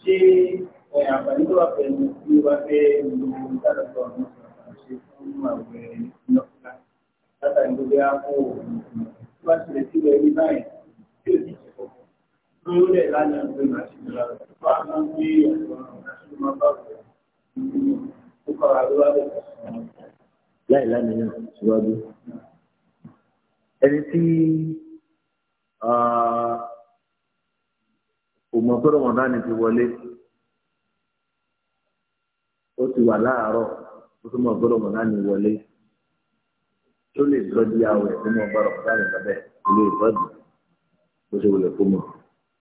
ṣé ẹ̀ àǹfààní tó wà pẹ̀lú tí wá fẹ́ lo ìdádọ́tọ̀ ọ̀nà ṣe fún àwẹ̀ lọ́kùnrin látàrí tó bẹ́ àpò òòrùn tí wá ṣẹlẹ̀ sí ilẹ̀ ní báyìí tí ò sì ṣe kọ̀ọ̀kan. ló lẹ̀ lánàá pé màá ṣe ìlera rẹ̀ wá máa ń gbé ọ̀pọ̀ ọ̀nà tó máa bá wẹ̀ ó kọ́ra ló wá bẹ̀rẹ̀ láì lánàá síwájú ẹni tí kò mọ̀ pé Ramadan ti wọlé ó ti wà láàárọ̀ ó tún mọ̀ pé Ramadan ti wọlé tó lè sọ di àwẹ̀ tó mọ̀ bá Ramadan lọ́bẹ̀ kò lè sọ di bó ṣe wọlé kó mọ̀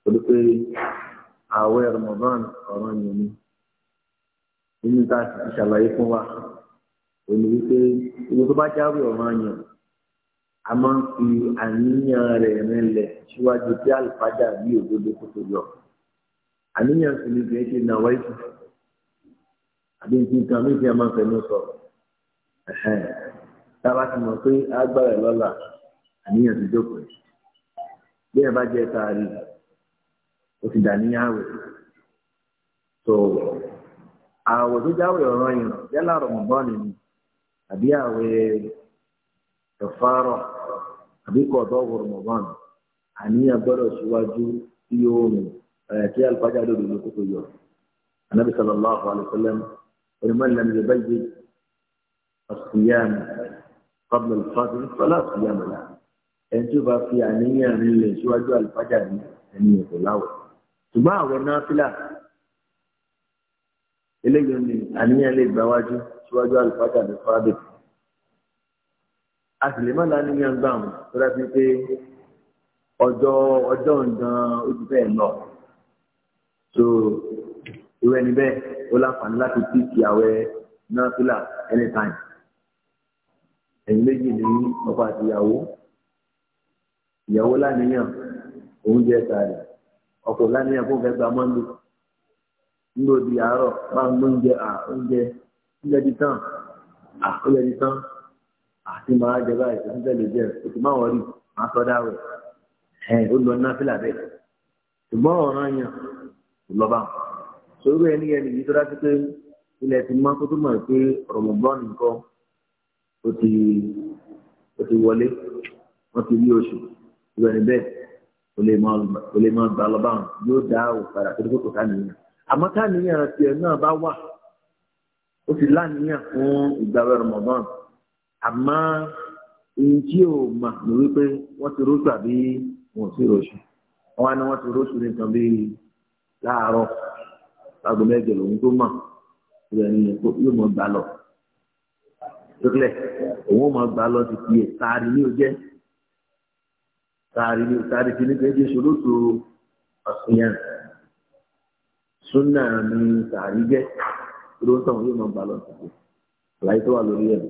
ó dé pé àwẹ̀ Ramadan ọ̀rọ̀ yẹn ni nínú tá a ti ṣàlàyé fún wa òní wípé ìwé tó bá jáwé ọ̀rọ̀ yẹn a máa ń fi àníyàn rẹ̀ rinlẹ̀ síwájú tí àlùfáàjà bí òdodo kò tó yọ àníyàn sì ni kì í ṣe nàwọ́ ìtù àbí nǹkan mi fi máa ń fẹnu sọ̀rọ̀ tá a bá ti mọ̀ pé agbára ẹ̀ lọ́la àníyàn ti jókòó ẹ̀ bí ẹ bá jẹ́ taari o ti dà níyàwó so àwọ̀ tó jáwé ọ̀ràn yìí yálà rọ̀mọ̀bọ́ọ̀nì ni àbí àwẹ̀ ẹ̀fọ́rọ̀ àbí kọ̀ọ̀tọ̀ wọ Ramadan àníyàn gbọ́dọ̀ síwájú tí yóò rìn kí alifájà lòdì ló kókó yọ anabi sallallahu alayhi wa sallam onímọ̀ ìlànà ìlú bẹ́ẹ̀ asiyam qabla alifájà fọlá asiyam la ẹni tó bá fi àníyàn rinlẹ̀ síwájú alifájà ní ẹniyàn kò láwọ̀ ṣùgbọ́n àwọn náfìlà eléyìí ni àníyàn lè gbáwájú síwájú alifájà ní fábẹ́ẹ̀ a sì lè má la níyàn gbà wọn tó dájú pé ọjọ́ ọjọ́ nǹkan ó ti bẹ́ẹ̀ lọ so irú ni bẹ́ẹ̀ ó láǹfààní láti tí kí àwẹ̀ náà fílà anytime ẹ̀yin méjì ní ọkọ àti ìyàwó ìyàwó láníyàn oúnjẹ tààrí ọkọ láníyàn fún fẹ́ gba mọ́ndé ńlò di àárọ̀ máa ń gbóúnjẹ à oúnjẹ oúnjẹ di tán à oúnjẹ di tán àti máa jẹ báyìí tó ń tẹ̀lé jẹ o ti máa wọrí máa sọ dáwọ ẹ ó lọ ná fílà bẹ́ẹ̀ ṣùgbọ́n ọ̀ràn yàn kò lọ bá wọn sórí ẹni ẹni yìí tó dájú pé ilẹ̀ ti mọ́ kó tó mọ̀ pé rọ̀mọ̀gbọ́n nìkan ó ti ó ti wọlé wọ́n ti rí oṣù ìwé ẹni bẹ́ẹ̀ kò lè máa gbà lọ bá yóò dá òkàrà tó dúró kò àmọ́ ká tiẹ̀ náà bá wà ó ti láníyàn fún ìgbà rẹ̀ rọ̀mọ̀gbọ́n àmọ́ èyí tí ò mọ̀ ní wípé wọ́n ti róṣù àbí wọn ò sí róṣù wọn á ní wọ́n ti róṣù nìkan bíi láàárọ̀ láago mẹ́jọ lòun tó mọ̀ ìrẹ̀ ni yóò mọ̀ gbà lọ. Tókìlẹ̀ òun mọ̀ gbà lọ ti fi ẹ̀ sáárì ní ojẹ́ sáárì ní sáárì ti ní kéde ṣòro tó ọ̀sìnyàn súnà ní sáárì jẹ́ ló ń tàn yóò mọ̀ gbà lọ ti fi àlàyé tó wà lórí ẹ̀ lọ.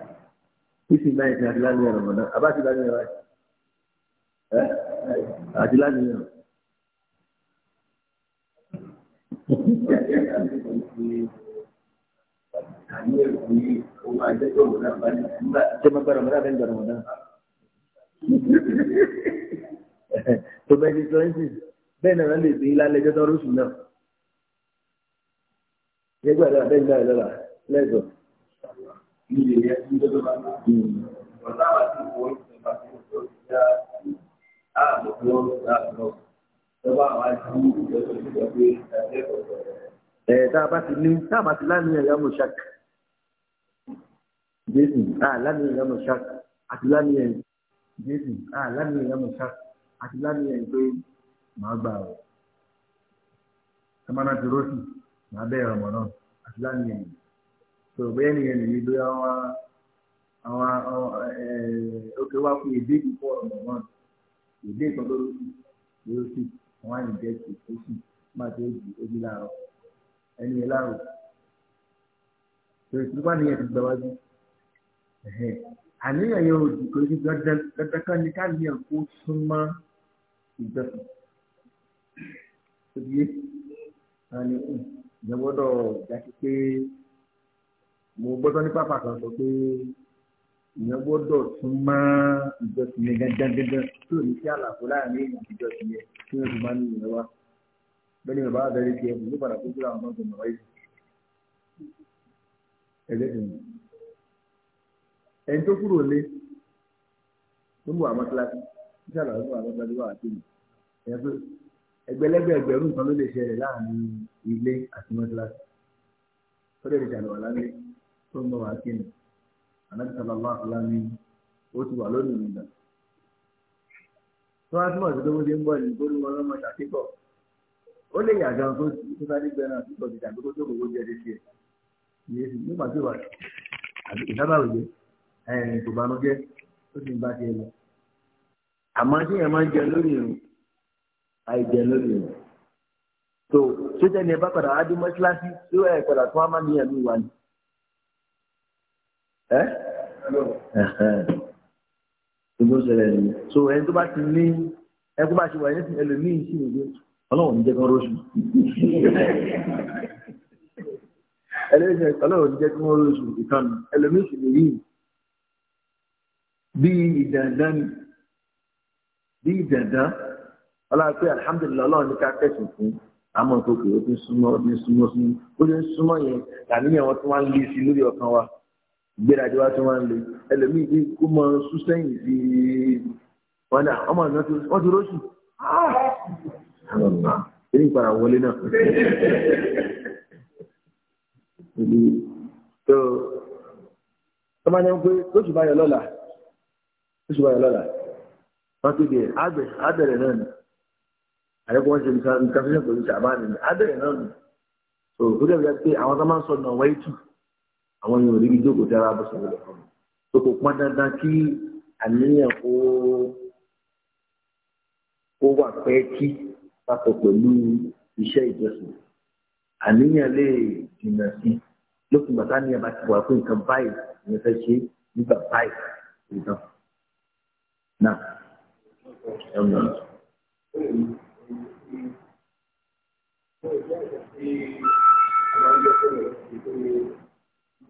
fífi náà ní àti láti yàrá ọmọdé àbá àti láti yàrá ẹ àti láti yàrá. Ṣé máa gbára ọmọdé àbẹ́ ń gbára ọmọdé? Tó bẹ́ẹ̀ ti sọ ẹ́ sì bẹ́ẹ̀ náà lè bí lálẹ́ ẹjọ́ tó rúṣù náà. Ṣé gbàdúrà bẹ́ẹ̀ ń lọ́la lẹ́gbọ̀ọ́? nílé ẹni tó lọ́wọ́ náà. ọ̀nà àwọn tí ìwọ ìjọba ti ń sọ ìjà àbùkù láàbùkù lọ́wọ́ àwọn àti ìjọba ìjọba pé ìdájẹ́ ọ̀dọ̀ ẹ̀ tá a bá ti ní tá a bá ti láàmìyàn yàmù ṣak jésù tá a láàmìyàn yàmù ṣak àti láàmìyàn jésù tá a láàmìyàn yàmù ṣak àti láàmìyàn pé màá gbà ọ ẹ máa náà ti rọ́ọ̀sì màá bẹ̀rẹ̀ ọmọ náà àti láàmìyàn yìí so bẹ́ẹ̀ nìyẹn nìyí bí àwọn àwọn òkè wá fún èdè ìkọ́ ọ̀nà wọn èdè ìkan tó lóṣù lóṣù wọn á nìjẹ́ tó lóṣù má tó jù ojú láàárọ̀ ẹni yẹn láàárọ̀ tòun ìtúpa nìyẹn ti gbà wájú àníyàn yẹn ò jù kó ojú dandan kan ní káníyàn súnmọ́ ìjọsìn tó di yé wọn ni ìjọba gbọ́dọ̀ jáde mo gbọ́dọ̀ ní pápá kan sọ pé ìyẹn gbọ́dọ̀ tún mọ́ ìjọsìn yẹn gángan gángan tí ò ní sí àlàfo láàrin èèyàn ìjọsìn yẹn tí wọ́n fi máa ń nìyẹn wá bẹ́ẹ̀ni bàbá àbẹ̀rẹ̀ tiẹ̀ kò ní padà tó kúrò àwọn ọmọ ọmọ yìí ẹlẹ́dìn ẹni tó kúrò lé tó ń bọ̀ àmọ́ kíláàsì tí àlàfo wà lọ́gbà tó wà àti ẹgbẹ̀lẹ́gbẹ̀ ẹgbẹ̀rún kan ló lè ṣẹlẹ̀ láàrin ilé àti mọ́ kíláàsì ó lè ṣàlùwà lálẹ́ tó ń bọ̀ wá kí ni ànábì sallallahu alaihi wasallam ni ó ti wà lónìí nígbà tó wá túbọ̀ sí tó ń ṣe ń bọ̀ ní torí wọn lọ́mọ ṣàkíkọ̀ ó lè yà gan tó tó sáré gbẹran àtúntò ti tàbí kó tó kò jẹ ti tiẹ̀ ìyẹn sì nígbà tó wà ìdábàwòye ẹ̀rìn kò bánújẹ́ ó sì ń bá tiẹ̀ lọ àmọ́ tí yẹn máa ń jẹ lórí irun àìjẹ lórí irun tó ṣé tẹ́ni ẹ bá padà á dé mọ́ṣáláṣí tí ẹ̀ padà tún á má níyàn ní ìwà ni ẹ́ gbogbo ṣẹlẹ̀ ni so ẹni tó bá ti ní ẹkú bá ṣe wà ní ẹlòmíì sí ìwé ọlọ́run ní jẹ́ kí wọ́n róṣù ẹlẹ́sẹ̀ ọlọ́run ní jẹ́ kí wọ́n róṣù ìkànnì ẹlòmíì sì nìyí bí ìdàndán bí ìdàndán ọlọ́run pé alihamudulilayi ọlọ́run ní ká tẹ̀sán fún àmọ́ tó kéré ó ti súnmọ́ ó ti súnmọ́ sí ó ti súnmọ́ yẹn tàbí yẹn wọ́n tún wá ń lé sí lórí ọkàn wa ìgbéraga wa tún máa ń le ẹlòmíì ní kó mọ sún sẹ́yìn sí wọn náà ọmọ ìná tó wọ́n ti róṣù ẹni ah! ìpara wọlé náà tó tọ́ba ní wọ́n pé lóṣù báyọ̀ lọ́la lóṣù báyọ̀ lọ́la wọ́n ti bẹ̀rẹ̀ àgbẹ̀ àbẹ̀rẹ̀ náà ni àdẹ́kùn wọn ṣe nǹkan fífẹ́ pẹ̀lú ṣàbáàmì àbẹ̀rẹ̀ náà ni tó kó dẹ̀ bí wọ́n pé àwọn tó máa ń sọ náà wáyé tù àwọn yóò rí jókòó tí ara bó ṣe wọlé fún mi tó kò pọn dandan kí àníyàn kó kó wà pẹ́ kí papọ̀ pẹ̀lú iṣẹ́ ìjọsìn àníyàn lè jìnnà sí lókun bàtà ni àbá ti wà fún nǹkan báyìí ìyẹn fẹ́ ṣe nígbà báyìí ìdán náà ẹ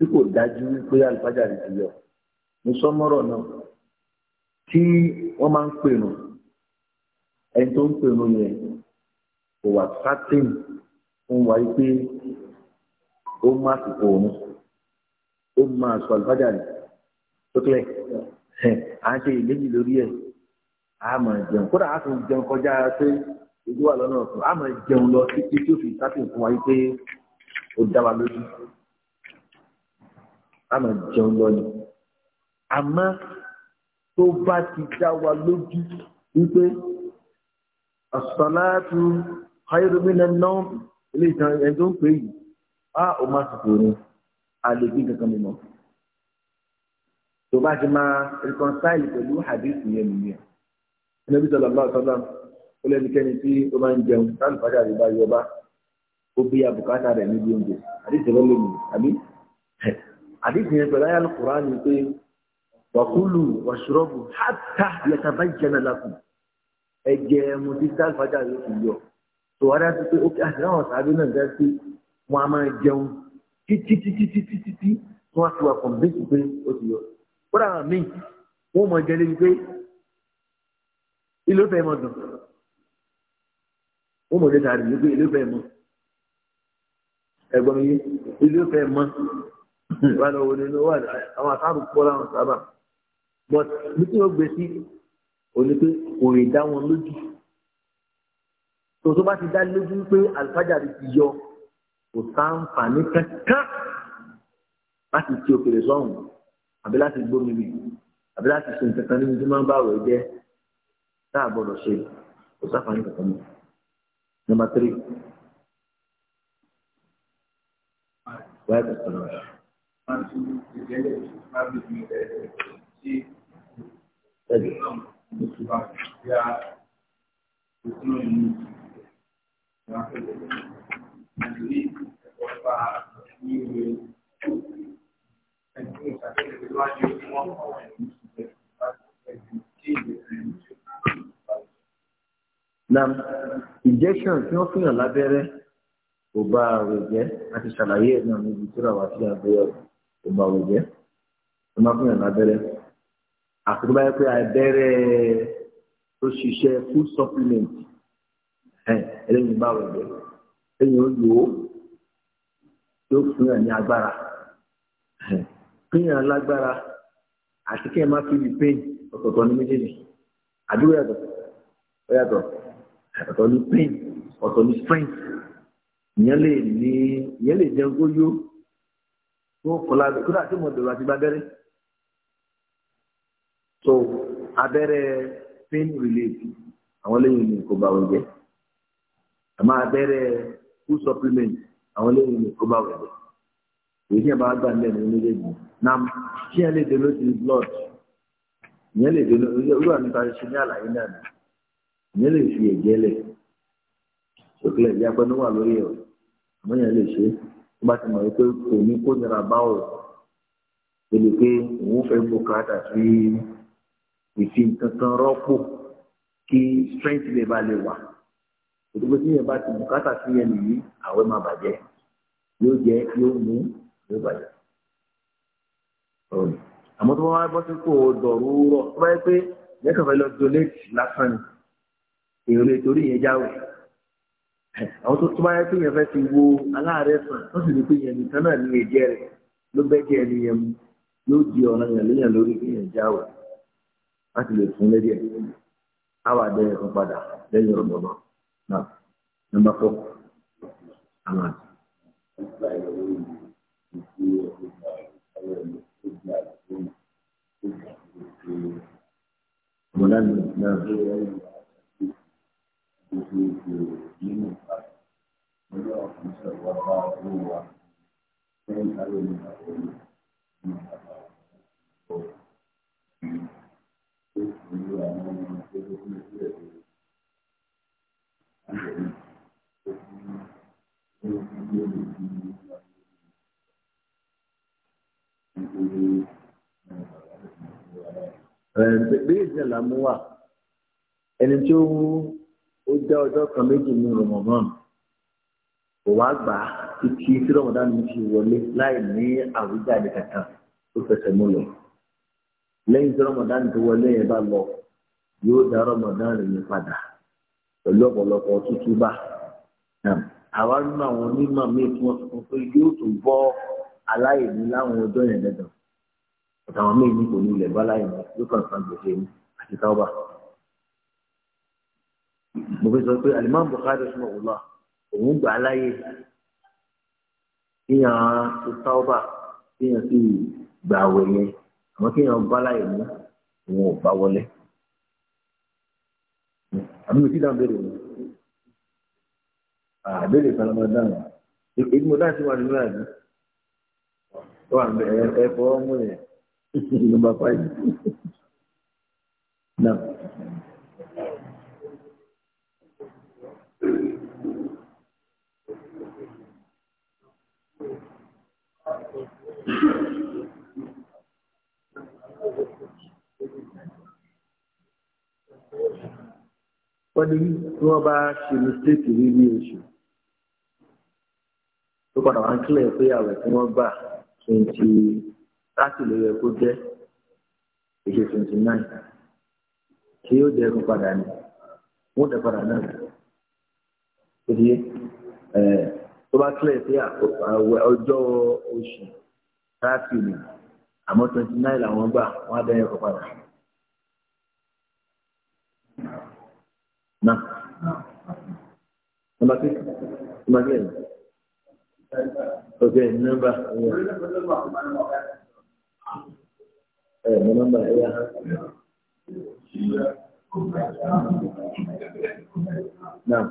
tí kò dájú wípé àlùfájà rẹ̀ ti yọ ní sọmọ́rọ̀ náà tí wọ́n máa ń pèrò ẹni tó ń pèrò yẹn kò wà sátìn fún wa wípé ó má àsìkò òun ó máa sọ àlùfájà rẹ̀ tó kílẹ̀ à ń ṣe ìléjì lórí ẹ̀ a máa jẹun kódà a tún jẹun kọjá pé ojú wà lọ́nà ọ̀tún a máa jẹun lọ títí tí fi sátìn fún wa wípé ó dá wa lójú a máa jẹun lọ ni àmọ́ tó bá ti dá wa lójú wípé as-salatu khayrun minan-nawm ilé ìtàn ẹni tó ń pè yìí á ò máa sọ̀rọ̀ ni a lè gbé kankan mímọ́ tó bá ti máa reconcile pẹ̀lú hadith yẹn nìyẹn ẹnẹ́bí sallallahu alaihi wasallam ó lẹ́nikẹ́ni tí ó máa ń jẹun táwọn ìfàdà rẹ̀ bá ó bí abùkátà rẹ̀ níbi oúnjẹ àdìsẹ́wọ́n lè mú àbí àdéhùn yẹn pẹ̀lú ayélujára kùrán ni pé wàkúlù wàṣúrọ́bù hátà yẹtàbá jẹ́nà lákùn ẹ̀jẹ̀ ẹ̀mú tí sálfàjà yóò fi yọ tòwádà ti pé ókè àti àwọn sàbí náà dá sí wọn a máa jẹun títí títí títí títí wọn á fi wà kọ̀m̀bẹ́tì pé ó ti yọ kódà àwọn wọn mọ jẹ lébi pé ilé fẹ́ mọ dùn wọn mọ jẹ tàbí pé ilé fẹ́ mọ ẹ̀gbọ́n mi ilé fẹ́ mọ wà lọ wọlé lọ wà àwọn àtàrù pọ̀ láwọn sábà but bí tí wọ́n gbé sí òní pé kò lè dá wọn lójú tó tó bá ti dá lójú pé alifájàre ti yọ kò sáǹfààní kankan láti ti òkèlè sọ́hùn àbí láti gbómi bì àbí láti ṣe nǹkan kan nínú tí máa ń bá ọ̀rọ̀ jẹ́ tá a gbọ́dọ̀ ṣe kò sáǹfààní kankan mọ́. Number three. Why the Nam injection tí wọ́n fihàn lábẹ́rẹ́ kò bá àrò jẹ́ àti ṣàlàyé ẹ̀ náà níbi tó rà wá sí àgbéyẹ̀wò kò bá wò jẹ́ ẹ má fún yàn lábẹ́rẹ́ àti tó bá yẹ pé abẹ́rẹ́ tó ṣiṣẹ́ food supplement ẹlẹ́yìn bá wò jẹ́ ẹ̀yìn ó lò ó yóò fún yàn ní agbára kéèyàn lágbára àti kéèyàn má fi lè pain ọ̀tọ̀ọ̀tọ̀ ní méjèèjì àdúrà yàtọ̀ yàtọ̀ ọ̀tọ̀ ní pain ọ̀tọ̀ ní strength ìyẹn lè ní ìyẹn lè jẹun kó yó wọn kọ lábẹ́ kódà tí mo dọ̀rọ̀ àti gbàgẹ́rẹ́ so abẹ́rẹ́ pain relief àwọn lẹ́yìn ní kò bá wọn jẹ́ àmọ́ abẹ́rẹ́ food supplement àwọn lẹ́yìn ní kò bá wọn jẹ́ èyí yẹn máa gbà lẹ́nu méjèèjì náà kí yẹn lè dènà ti blood ìyẹn lè dènà olúwa nípa ṣe ní àlàyé náà ìyẹn lè fi ẹ̀jẹ̀ lẹ̀ sókè lẹ̀ ìyá pẹ́ ní wà lórí ẹ̀ àmọ́ yẹn lè ṣe é tó bá ti mọ̀ wípé kò ní kó nira bá ọ̀ èlé pé òun fẹ́ bùkátà sí ìfi nǹkan rọ́pò kí strength lè ba lè wà òdúgbò tí yẹn bá ti bùkátà sí yẹn nìyí àwẹ̀ máa bàjẹ́ yóò jẹ yóò mú yóò bàjẹ́ àmọ́ tó bá wá bọ́ sí kò dọ̀rú rọ̀ tó bá yẹ pé lẹ́kàn fẹ́ lọ donate lásán ni èrò lè torí yẹn jáwèé. àwọn ọtụtụ tó bá yẹ kéèyàn fẹ́ ti wo aláàárẹ̀ sàn wọ́n sì ní pé yẹn nìkan náà ní ẹ̀jẹ̀ rẹ̀ ló bẹ́jẹ̀ ẹni yẹn mu yóò di ọ̀nà yẹn léyàn lórí kéèyàn jáwèé láti lè ọrụ lédè àwọn àdéhùn kan padà wa ẹni sáré ní ìgbàgbọ́ ní ìgbàgbọ́ tó sì ní àwọn ọmọ tó tó kú sí ẹ̀ lórí tó kú ní ojú ilé mi kí ní nítorí bẹ́ẹ̀ jẹ́ làmúwà ẹni tí ó wú ó jẹ́ ọjọ́ kan méjì ní rọmọmọ́n kò wá gbà á títí tí rọmọdán mi fi wọlé láì ní àwíjàde kankan tó fẹsẹ̀ mú lọ lẹ́yìn tí rọmọdán tó wọlé yẹn bá lọ yóò dá rọmọdán yẹn padà pẹ̀lú ọ̀pọ̀lọpọ̀ tútù bá àwa nínú àwọn onímọ̀ míì tí wọ́n sọ pé yóò tún bọ́ aláìní láwọn ọjọ́ yẹn lẹ́dọ̀ àtàwọn míì ní kò ní ilẹ̀ bá láìní yóò kàn san gbèsè ní àti táwọ́bà. mo fi sọ pé alimami Bukhari sọ kéèyàn ṣe táwọ́bà kéèyàn sì gbà àwẹ̀ yẹn àmọ́ kéèyàn bá láyè mú òun ò bá wọlé. àbí mi ti dáhùn béèrè mi àbẹ̀rẹ̀ kan lọ́mọ dáhùn èyí mo dáhùn sí wa nínú àbí ó wà nbẹ ẹ fọwọ́ yẹn nọ́mbà fáìlì náà. wọ́n ní tí wọ́n bá ṣe mistake níbi oṣù tó padà wá ń kílẹ̀ pé àwẹ̀ tí wọ́n gbà twenty thirty ló yẹ kó jẹ́ èṣe twenty nine tí yóò dẹrùn padà ní wọ́n dẹ padà náà tó di tó bá kílẹ̀ pé ọjọ́ oṣù thirty ni àmọ́ twenty nine làwọn gbà wọ́n á dẹ́yẹ̀ padà. Now, number six, number seven. Okay, number. Yeah. Eh, my ya. yeah. Now.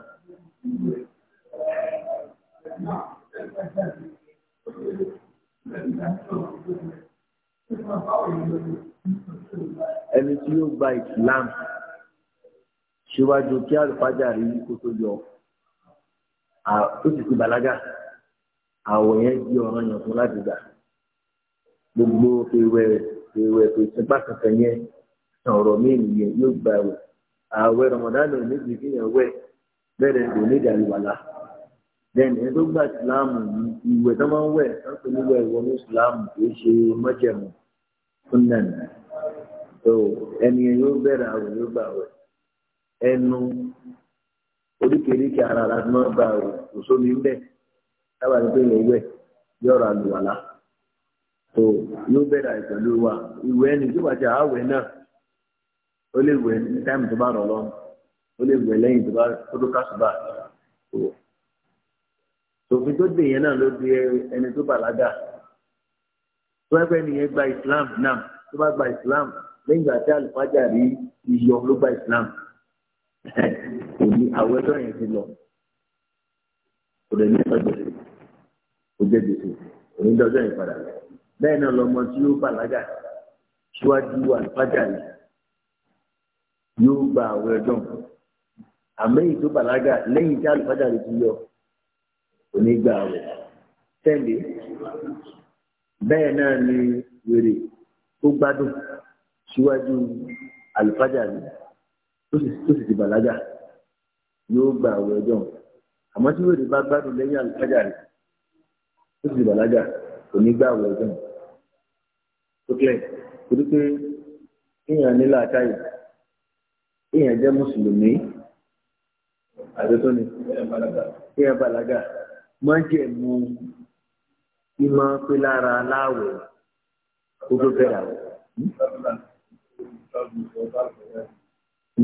Ẹni tí yóò gba ìsìlámù síwájú kí àlùfájà rí kó tó yọ tó sì ti bàlágà àwọ̀ yẹn di ọ̀ràn yàn fún láti gbà gbogbo ewé ewé pèsè pàṣẹ yẹn ọ̀rọ̀ míì nìyẹn yóò gba ẹ̀wẹ̀ ààwẹ̀ rọmọdánù níbi ìfihàn wẹ̀ bẹ̀rẹ̀ kò ní ìdàlùwàlà then ẹni tó gba ìsìláàmù ìwẹ̀ tó máa ń wẹ̀ tó ń pè ní wẹ̀ ní ìsìláàmù kì í ṣe mọ́jẹ̀mù fún nàìjíríà so ẹni yẹn yóò bẹ̀rẹ̀ àwẹ̀ yóò gbà wẹ̀ ẹnu oríkèéríkèé ara la máa gba òsómi ńbẹ dábàá ní pé yẹn wẹ yọrọ àlùwàlà tó yóò bẹ̀rẹ̀ pẹ̀lú wa ìwẹ̀ ẹni tó bàjẹ́ àwẹ̀ náà ó lè wẹ̀ ní táìmù tó bá rọ̀ lọ́wọ́ ó lè wẹ̀ lẹ́yìn tó bá tó tó kásùbà tó òfin tó dè yẹn náà ló di ẹni tó bàlágà tó ẹgbẹ́ nìyẹn gba Islam náà tó bá gba Islam lẹ́yìn ìgbà tí àlùfáàjà rí iyọ̀ ló gba Islam. òní àwọn ẹjọ́ yẹn ti lọ òde ní ìtọ́gbèsè òde gbèsè òní dọ́jọ́ yẹn padà bẹ́ẹ̀ náà lọmọ tí yóò bàlágà síwájú àlùfájà rẹ̀ yóò gba àwọn ẹjọ́ àmọ́ tó tí àlùfájà ti yọ òní gba náà ni wèrè tó gbádùn síwájú àlùfájà tó sì ti bàlágà yóò gba àwọn ẹjọ́ àmọ́ tí wèrè bá gbádùn lẹ́yìn àlùfájà rẹ̀ tó sì ti bàlágà kò ní gba àwọn ẹjọ́ tó kílẹ̀ torí pé èèyàn nílò àtàyè èèyàn jẹ́ mùsùlùmí àdótó ni èèyàn bàlágà máa ń jẹ́ mu ìmọ̀ pé lára láàwẹ̀ kó tó fẹ́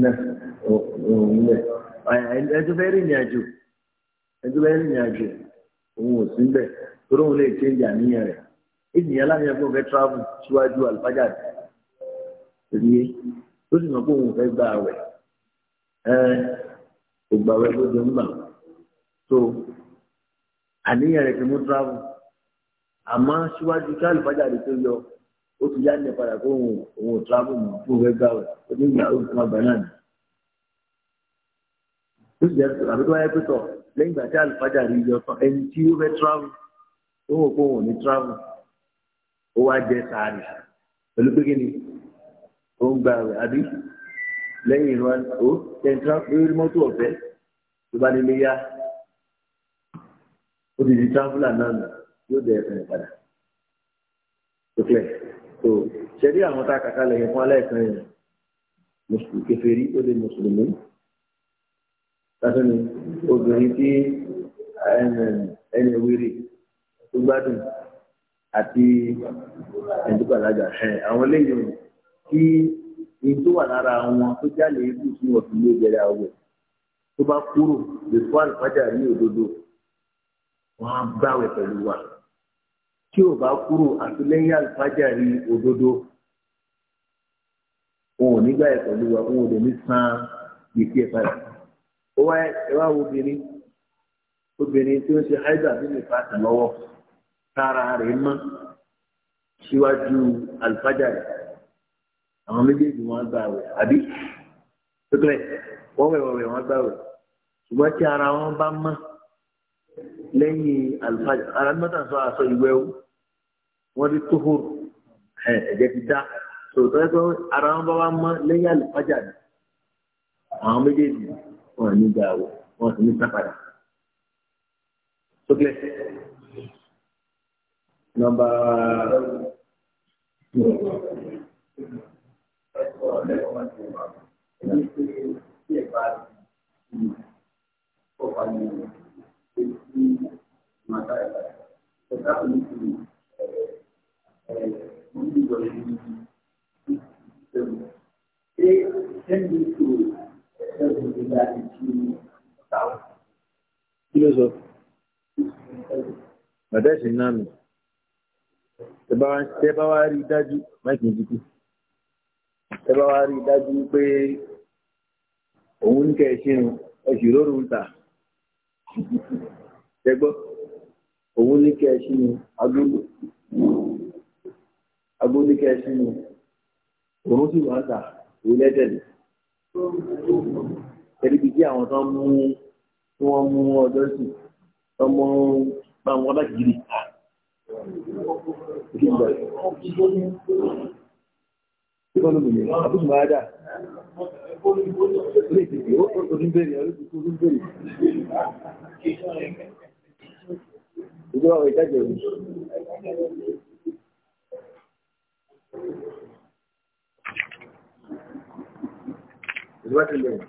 ẹjọ́ bẹ́ẹ̀ rìnrìn àjò ẹjọ́ bẹ́ẹ̀ rìnrìn àjò òun ò sí ń bẹ̀ torí òun lè ṣe ìjà níyàn rẹ̀ ènìyàn láti ẹgbẹ́ fẹ́ travel síwájú àlùfájà rí i tó sì mọ̀ pé òun fẹ́ lóde so àníyàn rẹ̀ mú travel àmọ́ síwájú kí rí tó yọ. ó ti yáde padà kó òun òun travel mọ fún òwe gbà wẹ ó ní ìgbà ó ti máa bàánà ni. ó sì jẹ́ àbí tó wáyé pé lẹ́yìn ìgbà tí àlùfáàjà rí yọ tán ẹni tí ó fẹ́ travel ó wò pé òun ní travel ó wá jẹ sàárì pẹ̀lú pé kí ni ó ń gbà wẹ àbí lẹ́yìn ìrọ̀ ó tẹ̀sán lórí mọ́tò ọ̀fẹ́ tó bá nílé yá ó ti di traveller náà nù yóò bẹ̀rẹ̀ fẹ̀rẹ̀ padà tó ṣẹ̀rí àwọn tá a kàkà lẹ̀ yẹn fún aláìsàn yẹn mùsùlùmí kèfèrí ó lè mùsùlùmí tàbí obìnrin tí ẹni wíri tó gbádùn àti ẹ̀dúgbàlájà ẹ̀ àwọn eléyìí tí ní tó wà lára wọn tó jálè ibù tí wọn fi lé ìjẹrẹ àwẹ̀ tó bá kúrò lè fún àlùfájà ní òdodo wọn á báwẹ̀ pẹ̀lú wa tí ò bá kúrò àti lẹ́yìn àlùfájà rí òdodo wọn ò nígbà ẹ̀ pẹ̀lú wa wọn ò lè ní san gbèsè ẹ̀ padà ó wá ẹ wá wo obìnrin obìnrin tí ó ṣe haida nínú ìfàtà lọ́wọ́ tára rẹ̀ mọ́ síwájú àlùfájà rẹ̀ àwọn méjèèjì wọn gbà wẹ̀ àbí pípẹ́ wọ́n wẹ̀ wọ̀wẹ̀ wọn gbà wẹ̀ ṣùgbọ́n tí ara wọn bá mọ́ lẹ́yìn àlùfájà ara mọ́tà sọ àṣọ ìwẹ́ wọ́n rí tóhóró ẹ̀jẹ̀ ti dá tòótọ́ ẹ pé ara wọn bá wá mọ́ lẹ́yìn àlùfájà ni àwọn méjèèjì wọn ní gbà wọ wọn sì ní sápadà sókè nọ́mbà Thank you. Kí ló sọ? Bàbá ẹ̀sìn náà mi. Tẹ bá wá rí dájú, máìkì ń dìkú. Tẹ bá wá rí dájú pé òun ń kẹ́ ṣírun, ẹ̀sìn lóru ń tà. Tẹ gbọ́, òun ní kẹ́ ṣírun, agbóhùn agbóníkẹ́ sínú òun sì wá ta òun lẹ́tẹ̀lẹ̀ ẹ̀ríbi tí àwọn tó ń mú tí wọ́n mú ọjọ́ sí ọmọ bá wọn bá jìrì ká ìfọ́nù mi ni àbúrò máa dà lè tètè ó tún bèrè ó tún bèrè ìjọba ìtajà ìlú. الوقت اللي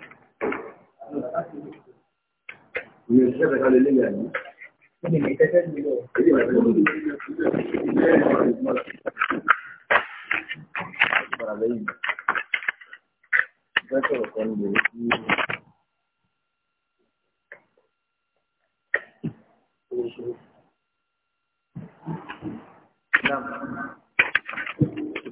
من الشبكة على اللي يعني نعم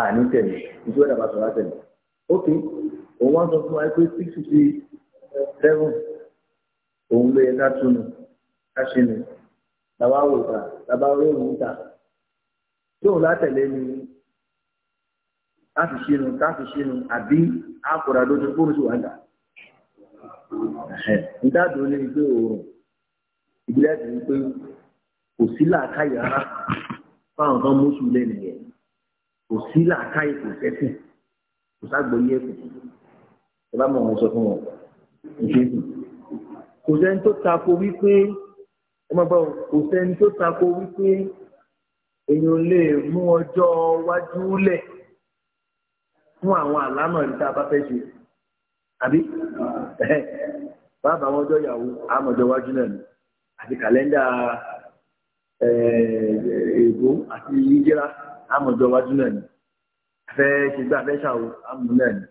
àní tẹ̀lé ìjọ ẹ̀dá bá sọ̀rọ̀ tẹ̀lé ok òun wá sọ fún wa pé six fifty seven òun ló yẹ ká túnu ká ṣe nu làwa wò ta làwa rí òun ta tóun látẹ̀lé ni láti ṣe nu láti ṣe nu àbí àkùrà lójú fóònù sí wàhálà ìdádùn ní pé òòrùn ìgbésẹ̀ ti ń pé kò sí làákàyè rárá fáwọn kan mú sùn lẹ́nu yẹn kò sí làákàyè kò sẹ́sìn kò ságbóyé ẹ̀kọ́ ẹ bá mọ àwọn sọ fún wọn ìṣèlú kò sẹ́ni tó tako wípé ẹ má gbọ́ kò sẹ́ni tó tako wípé èèyàn lè mú ọjọ́ wájú lẹ̀ fún àwọn àlámọ̀ níta bá fẹ́ ṣe àbí bàbá àwọn ọjọ́ ìyàwó àmọ̀jọ́ wájú náà ni àti kàlẹ́ndà èèbó àti ìjẹ́ra àmọ̀jọ wájú náà ni fẹ́ ṣègbà fẹ́ ṣàwò àmọ̀ náà ni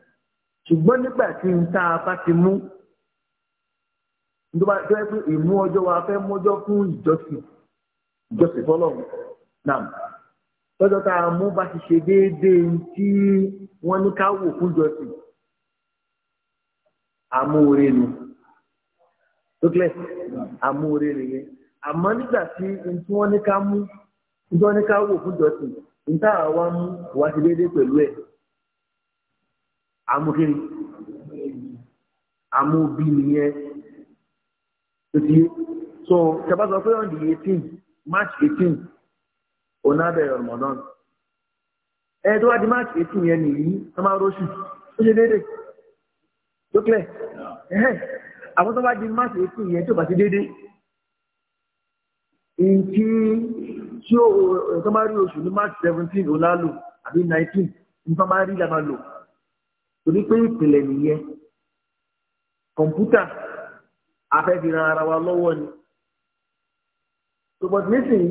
ṣùgbọ́n nígbà tí n tá a bá ti mú tó bá tó yẹ pé ìmú ọjọ́ wa fẹ́ mọ́jọ́ fún ìjọsìn ìjọsìn fọlọ́run náà lọ́jọ́ tá a mú bá ti ṣe déédéé tí wọ́n ní ká wò fún ìjọsìn amóore nu tókìlẹ̀ amóore nìyẹn àmọ́ nígbà tí n tí wọ́n ní ká mú n tí wọ́n ní ká wò fún ìjọsìn níta wa mú wa ti déédéé pẹ̀lú ẹ̀ amúkiri amóbi nìyẹn tó ti yé so tẹ́bá sọ pé on the eighteen march eighteen onabẹ̀rẹ̀ Ramadan ẹ̀ tó wá di march eighteen yẹn nìyí wọ́n máa rọ́ṣù ó ṣe déédéé tó clear ẹ̀hẹ́ àwọn tó bá di march eighteen yẹn tó bá ti déédéé nǹkan tí ó nǹkan bá rí oṣù ní march seventeen ọ̀la lò àbí nineteen nǹkan bá rí làmà lò torí pé ìpìlẹ̀ nìyẹn kọ̀ǹpútà afẹ́fìran ara wa lọ́wọ́ ni ṣùgbọ́n nísìnyí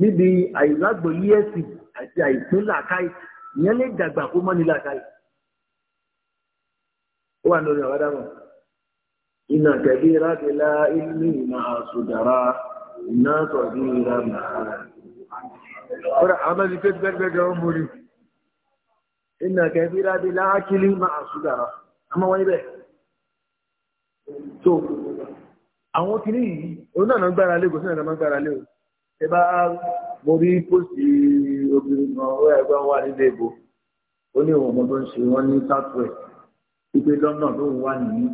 níbi àìlágbòyí ẹ̀sìn àti àìpín làákàyè ìyẹn lè dàgbà kó mọ́ni làákàyè ó wà lórí àwọn adámọ̀ iná kẹ̀bí rábìlá ìlú ìmọ̀ àṣùdàrà iná sọ̀bí rábìlá kódà àwọn máa ń pè gbẹ́gbẹ́gbẹ́ wọn mórí iná kẹfì rábí láàkìlì máa ṣúgbàrá a máa wáyé bẹ́ẹ̀ so àwọn kìíní yìí òun náà náà gbára lé kò sí náà náà gbára lé o ẹ bá mo rí pósì obìnrin kan ọwọ́ ẹ̀gbọ́n wà nílé ìbò ó ní ìwọ̀n ọmọ tó ń ṣe wọ́n ní southwest wípé london ló ń wà nìyí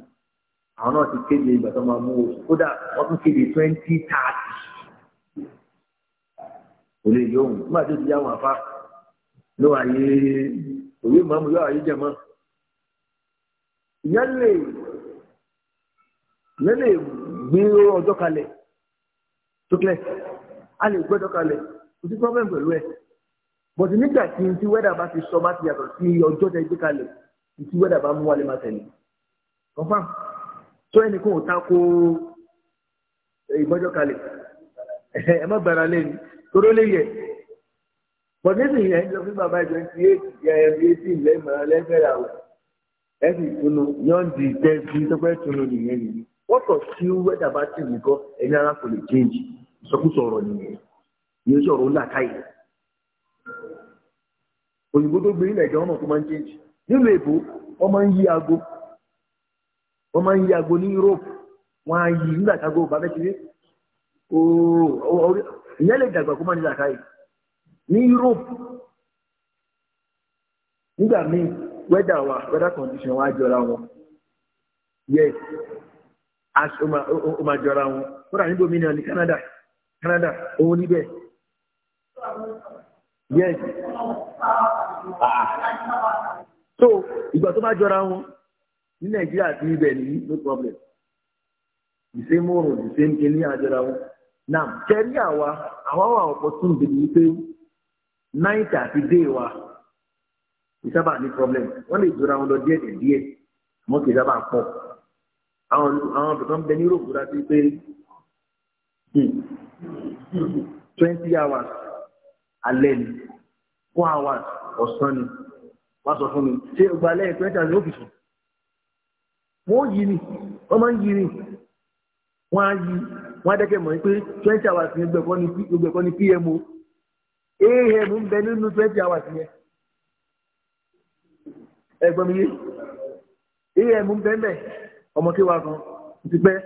àwọn náà ti kéde ìgbà tó máa mú oṣù kódà wọ́n tún kéde twenty thirty kò lè yọ òun nígbà tó ti yá wọn afá ló wà yé òwe màmú yọ àyè jẹmọ ìyẹn lè ìyẹn lè gbé ọjọ́ kalẹ̀ tó kílẹ a lè gbé ọjọ́ kalẹ̀ kò sí pọfẹm pẹ̀lú ẹ bọ̀dì nígbà tí ti wẹ́dà bá ti sọ bá ti yàtọ̀ sí ọjọ́ tẹ gbé kalẹ̀ tí wẹ́dà bá mú wálé máa tẹ̀lé kọ́fà tó ẹnì kan ò ta ko eh, ìgbọ́jọ́ kalẹ̀. ẹ má gbára lẹ́nu toró lè yẹ pọ̀nẹ́sì yẹn ń lọ fún bàbá ìjọ ti éèkì ya ẹ̀rí éèkì lẹ́mọ̀ọ́ lẹ́fẹ̀rẹ̀ àwọ̀ ẹ sì tunu yọ̀ǹdì tẹ́sí tó tunu nìyẹn nìyẹn wọ́n kọ̀ sí wẹ́dà bá tì nìkan ẹni ara kò lè change ìsọkúsọ ọ̀rọ̀ nìyẹn sọ̀rọ̀ ńlá òyìnbó tó gbé tó máa ń change nílùú èbó wọ́n ń yí aago wọ́n ń yí aago ní Europe á yí nígbà tágo bàbá ìyẹn lè dàgbà kó má ní ní Europe nígbà míì wa condition wa jọra wọn yes ó máa jọra wọn kódà níbo mi náà Canada Canada òun níbẹ̀ yes ah. so ìgbà jọra n'i Nigeria ti no problem the same the same na tẹ̀rí àwa àwa wà ọ̀pọ̀ tún bìrì wípé náìtì àti dé wa kì sábà ní problem wọ́n lè jura wọn lọ díẹ̀ díẹ̀ díẹ̀ wọ́n kì sábà pọ̀ àwọn àwọn bìkan bẹ ní rògbò dá pé hmm, twenty hours alẹ́ ni four hours ọ̀sán ni wọ́n sọ fún mi ṣé o gba lẹ́yìn twenty hours ní òfìsì wọ́n yí ni wọ́n máa ń yí ni wọ́n á yí wọ́n adẹ́kẹ́ mọ̀ pé twenty hours ní gbogbo ẹ̀kọ́ ní pmo am ń bẹ nínú twenty hours yẹn ẹ̀gbọ́n mi yé am ń bẹ mẹ́ ọmọ kí wa kan ti pẹ́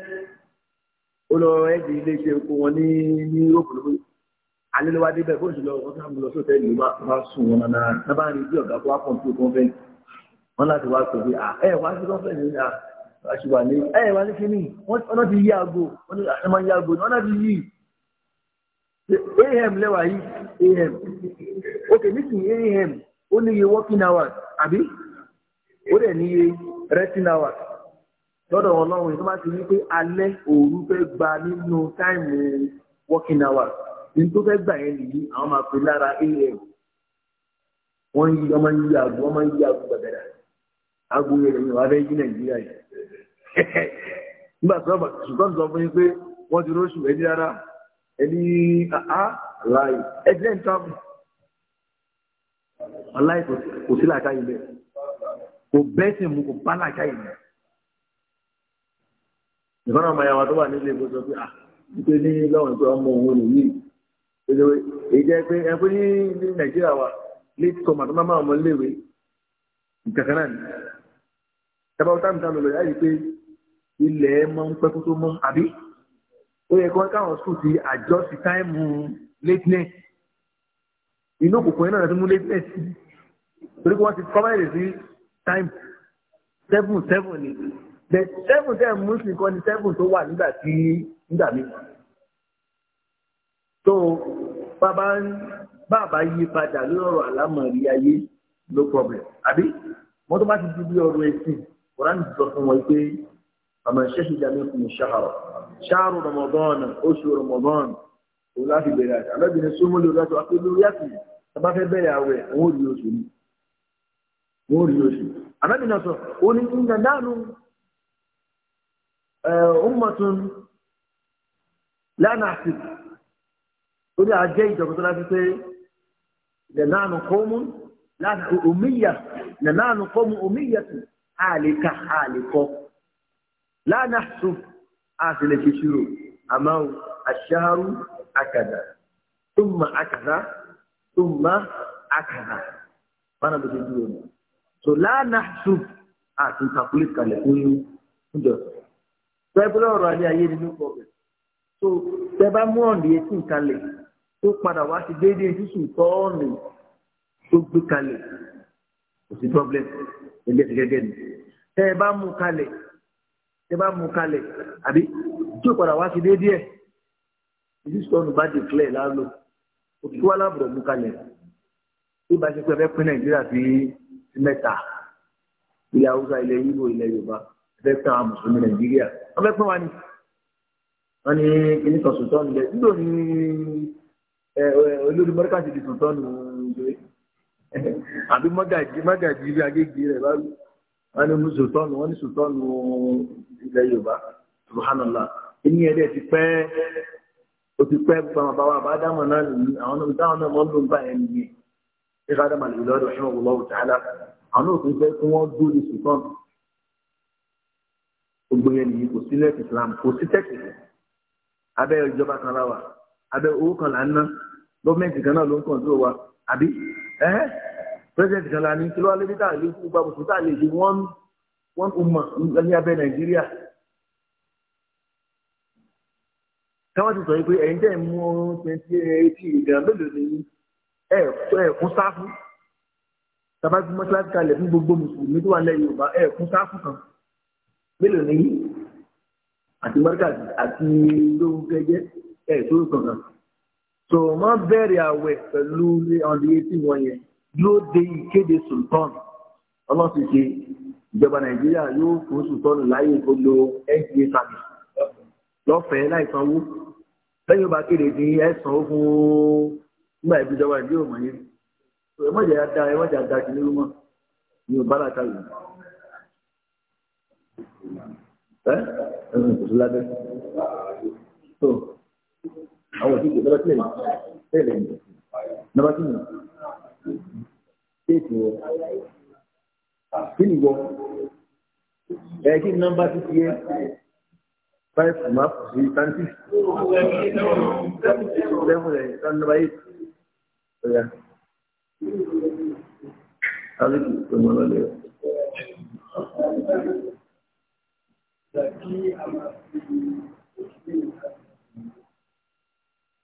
ó lọ ẹ̀jẹ̀ ilé iṣẹ́ oko wọn ní ní yúróòpù lóko alẹ́ ló wá débẹ̀ bó ṣe lọ wọ́n sáà ń lọ sóòtẹ́ẹ̀lì ló máa sùn wọn náà náà bá ń rí bí ọ̀gá kó wá pọ̀ ní kọ́ńfẹ́ǹsì wọn láti wá pè é ẹ wá sí kọ́ńfẹ́ǹsì náà aṣùwà lé ẹ̀ wà ní kíní ọ̀nà ti yí aago ọ̀nà yí aago ọ̀nà ti yí am lẹ́wà yìí am ok nísìnyí am ó ní working hours àbí ó dẹ̀ ní resting hours lọ́dọ̀ ọlọ́run tó bá ti ní pé alẹ́ òru fẹ́ gba nínú táìmù working hours ní tó fẹ́ gbà yẹn nìyí àwọn máa pè lára am wọ́n yí ọmọ yí aago ọmọ yí aago gbàgbẹ́rẹ́ agbóyè rẹ̀ yóò wá fẹ́ yí nàìjíríà yìí nígbà tó bá ṣùgbọ́n sọ fún yín pé wọ́n ti róṣù ẹni rárá ẹni àá láì ẹgbẹ́ ń tábù ọláì kò sí làákà yìí bẹ́ẹ̀ kò bẹ́ẹ̀ sì mú kò bá làákà yìí bẹ́ẹ̀. ìfọ́nà ọmọ ìyàwó tó wà nílé ìbò sọ pé à nítorí ní lọ́wọ́n pé ọmọ òun ò yìí èyí jẹ́ pé ẹ ní nàìjíríà wa late comer tó ọmọ iléèwé ìkàkànnà ni tẹ́bá ọ̀tá mi ta lọ lọ yá yìí pé ilẹ̀ máa ń pẹ́ kó tó mọ́ àbí ó yẹ kí wọ́n káwọn sùn ti àjọsí táìmù lateness inú òkùnkùn yẹn náà ti mú lateness torí pé wọ́n ti kọ́mẹ́rì sí táìmù seven seven ni the seven ten mú sí nǹkan ni seven tó wà nígbà tí nígbà mi tó bàbá bàbá yí padà lórí ọ̀rọ̀ àlámọ̀rí ayé no problem àbí wọ́n tó bá ti di bí ẹ̀sìn. Quran sọ fún wọn pé àmọ ṣẹṣin jàmí kùn ṣàrọ ṣàrọ Ramadan oṣù Ramadan òun láti bẹ̀rẹ̀ àti alábìnrin súnmọ́lẹ̀ ọ̀dájọ́ akéwì yàtì tàbá fẹ́ bẹ̀rẹ̀ àwẹ̀ wọn ò rí oṣù ni wọn ò rí oṣù alábìnrin sọ ó ní ìgbà dánú ummatun lánàá sí ó ní àjẹ́ ìjọba tó láti pé lẹ́nàánú kọ́mú lánàá òmíyà lẹ́nàánú kọ́mú òmíyà sí. ha le kọ laana àtìlẹ̀ ṣíṣírò àmọ́ àṣàrù àkàdà túmọ̀ àkàdà túmọ̀ àkàdà bára ma ṣe dúró nù. so lánàá sùn àti calculate kalẹ̀ fún yín fúnjọ. pẹ́ẹ́pẹ́lẹ́ ọ̀rọ̀ ayé ayé nínú problem. so tẹ bá mú ọ̀nà etí kalẹ̀ tó padà wá sí déédéé sísùn tọ́ọ̀nù tó gbé kalẹ̀. kò sí problem gẹ́gẹ́gẹ́gẹ́ ni tẹ́ ẹ bá mú kalẹ̀ tẹ́ ẹ bá mú kalẹ̀ àbí tí o padà wá sí déédéé ìdísọ́nù bá declare lálọ́ òtútù wà lábùrọ̀ mú kalẹ̀ bí bá ṣe pé ẹfẹ́ pín nàìjíríà sí mẹ́ta ilẹ̀ haúsá ilẹ̀ yíbo ilẹ̀ yorùbá ẹfẹ́ pín àwọn mùsùlùmí nàìjíríà wọ́n fẹ́ pín wa ni wọ́n ní kíní kan sùtọ́nù lẹ̀ nígbò ní olórí mọ́ríkà ti di sùtọ́nù ìjọba àbí mọ́gàjì mọ́gàjì ilé agége rẹ̀ báwí wọ́n ní sòtọ́nù wọ́n ní sòtọ́nù ilẹ̀ yorùbá subhanallah ẹni ẹ̀dẹ̀ ti pẹ́ o ti pẹ́ gbọ́n bàbá bá dámọ̀ náà nìyí àwọn náà dáhùn náà wọ́n ló ń bá ẹ̀ nìyí ṣé ká dámọ̀ lè lọ́dọ̀ ṣé wọ́n lọ́wọ́ tààlà àwọn náà tún fẹ́ kí wọ́n dó ní sòtọ́nù gbogbo yẹn nìyí kò sí lẹ́ẹ̀kì islam kò sí tẹ́kì abẹ́ ìjọba kan láwà abẹ́ owó kan là ń àbí ẹ́ president kan la ní kí ló wá lébi tá à lè fún gbogbo àbùsùn tá à lè ṣe wọ́n wọ́n ọmọ ní abẹ́ nàìjíríà. káwọn ti sọ pé ẹ̀yin tẹ̀ mú twenty eighty ìgbà mélòó ni ẹ̀ kún sáfù tàbá fi mọ́ṣáláṣí kalẹ̀ fún gbogbo mùsùlùmí tó wà lẹ́yìn yorùbá ẹ̀ kún sáfù kan mélòó ni àti mọ́ríkà àti lóhun kẹjẹ ẹ̀ tó kankan so má bẹ̀rẹ̀ àwẹ̀ pẹ̀lú ọ̀dọ̀ etí wọn yẹn yóò de ìkéde sultan ọlọ́sìkè ìjọba nàìjíríà yóò fún sultan láyé kó lo nca service lọ́fẹ̀ẹ́ láìsanwó lẹ́yìn ọba kéde ní ẹ̀sán fún nígbà ìbí ìjọba ìbílẹ̀ òmò yẹn ẹ mọ̀jà ya da ẹ mọ̀jà da kì ní rúmọ̀ ní ọba làkà yìí ẹ ẹ kò sí lábẹ́ àwọn òṣìṣẹ́ ìjọba tí èmi tẹ́lẹ̀ mi nọmba tí mi téèpù ọ kí ni wọ ẹ kí nọmba ti fi yẹ five ma fi tanti seven ẹ tan nọmba eight ọ̀ya kálí kì í sọmọ lọlẹ o. Thank you.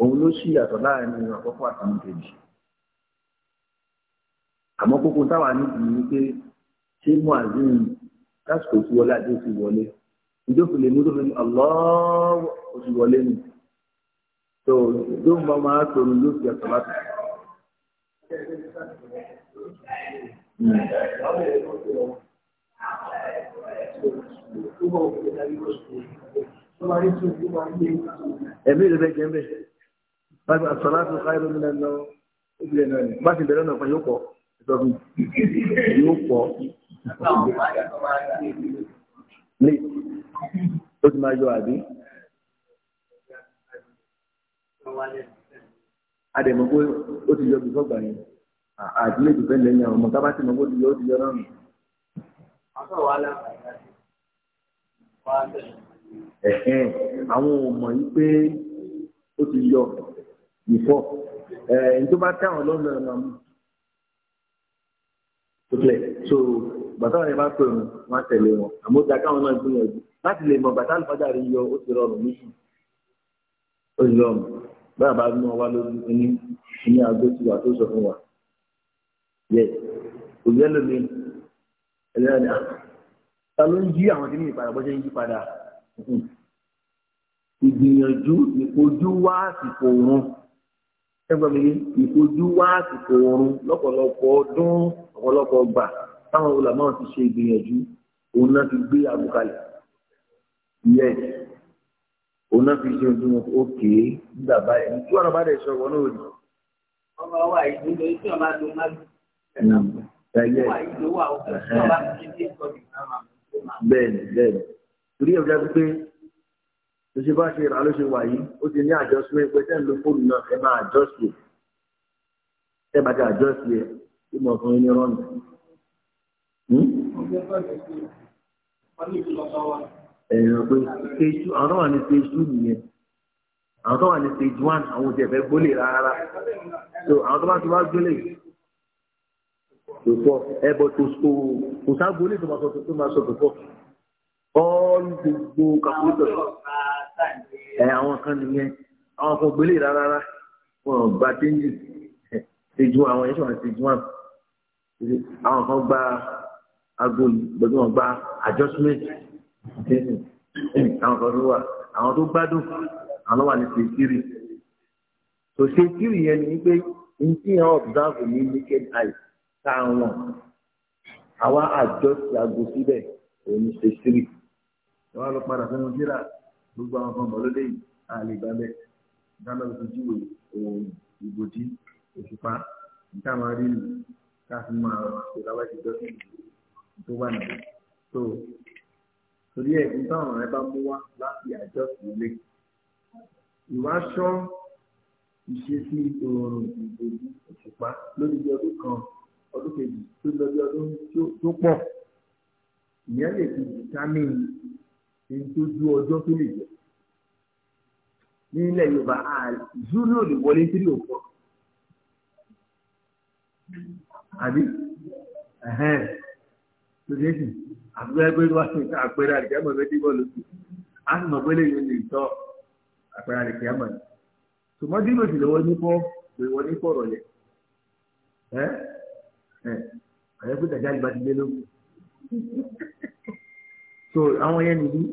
òun ló sì yàtọ̀ láàrin àkọ́kọ́ àtàwọn kejì àmọ́ kókó táwa níbi ni pé ṣé muazin lásìkò tí wọlé àti òsì wọlé ìjókòó lè mú tó fi ọlọ́ọ̀ òsì wọlé nù tó ló ń bá máa tòun ló fi ẹ̀sọ́ láti. Hmm. Ẹ̀mí ló fẹ́ jẹ́ bẹ́ẹ̀ báyìí àsọ̀láṣọ káyọ̀ mi lẹ́nu ìbílẹ̀ náà ni bá ti bẹ̀rẹ̀ náà fún yóò pọ̀ ìtọ́jú yóò pọ̀ lè ó ti máa yọ àbí. Adẹ̀mọ̀ pé ó ti yọ bí sọ́gbà yẹn àdúlé tó fẹ́ lẹ́yìn àwọn ọmọ tá bá ti mọ̀ yọ ó ti yọ náà nù. Ẹ̀hẹ́n àwọn ò mọ̀ pé ó ti yọ before ẹ̀ ní tó bá tẹ́ àwọn lọ́nà ọ̀nà mú tó tilẹ̀ so bàtà wọn yẹn bá pè wọn wọn á tẹ̀lé wọn àmọ́ ó da káwọn náà gbìyànjú láti lè mọ bàtà àlùfáàjà rí yọ ó ti rọrùn níṣù ó ti rọrùn báyà bá mú wa lójú ní ní aago tí wà tó sọ fún wa yẹ òbí ẹlòmíì ẹlẹ́yà ni ah, ta ló ń yí àwọn tí ní ìpadà bó ṣe ń yí padà hmm. ìgbìyànjú ìkojú wá àsìkò òun ẹgbẹ́ mi ìfojú wá àsìkò oorun lọ́pọ̀lọpọ̀ ọdún ọ̀pọ̀lọpọ̀ ọgbà táwọn olùlàmọ́ ti ṣe ìgbìyànjú òun náà fi gbé àbùkalẹ̀ yẹn òun náà fi ṣe ojú òkè nígbà báyìí tí wọn bá dẹ̀ sọ wọn náà rí. ọmọ wa yìí nílò tí wọn bá lo mágí. bẹ́ẹ̀ni bẹ́ẹ̀ni torí ẹ̀ bí a ti pé tó ṣe bá ṣe ìrànlọ́ ṣe wà yìí ó ti ní àjọṣe pé tẹ́ ń lo fóònù náà ẹ máa àjọṣe ẹ bá ti àjọṣe ẹ tí mo fún yín ní rọ́ọ̀nù. Hmm? ẹ̀rọ pé stage two àwọn tó wà ní stage two nìyẹn àwọn tó wà ní stage one àwọn ò tiẹ̀ fẹ́ gbólè rárá so àwọn tó bá ti wá gbólè tó ẹ bọ tó so kò sá gbólè tó máa sọ tó máa sọ tó fọ ọ́ gbogbo kàkúrú tó ẹ àwọn kan nìyẹn àwọn kan gbélé rárá wọn ò gba téńjì ṣèjú àwọn yẹn ṣọwọ́n ṣèjú wọn àwọn kan gba aago gbẹdú wọn gba adjustment àwọn kan tó wà àwọn tó gbádùn àwọn wà ní ṣèkiri tò ṣèkiri yẹn ni pé n tí yẹn observe ní naked eye táwọn àwa adjust aago síbẹ̀ òun ṣèkiri wọn lọ padà fún wọn síra gbogbo àwọn ọmọ ọlọ́dẹ yìí a lè gbà bẹ́ẹ̀ dáná ló fi júwe òun eh, ìbòjì òṣùpá níta máa rí nù ká fi máa ṣe lábàjì dọ́sí tó wà nù tó torí ẹ̀ níta ọ̀ràn rẹ bá mú wá láti àjọ sílé ìwáṣọ ìṣesí òòrùn ìbòjì òṣùpá lórí ọdún kan ọdún kejì tó lọ bí ọdún tó pọ̀ ìyẹn lè fi dìtámìnì èyí tó ju ọjọ́ tó lè jẹ ní ilẹ̀ yorùbá zulu ò lè wọlé tírí òpó àbí tòṣe sì àgbẹ̀gbẹ̀ wá sí àpẹẹrẹ àdìgẹ́ mọ̀ fẹ́ dìbò lóṣù á sì mọ̀ pé lè yẹn lè tọ́ àpẹẹrẹ àdìgẹ́ mọ̀ ni tòmọ́dé ló sì lọ́wọ́ nípò pé wọ́n nípò ọ̀rọ̀ yẹn ẹ ẹ àyẹ̀kú tàjà ìgbàdìgbẹ́ lógún so àwọn yẹn nìyí.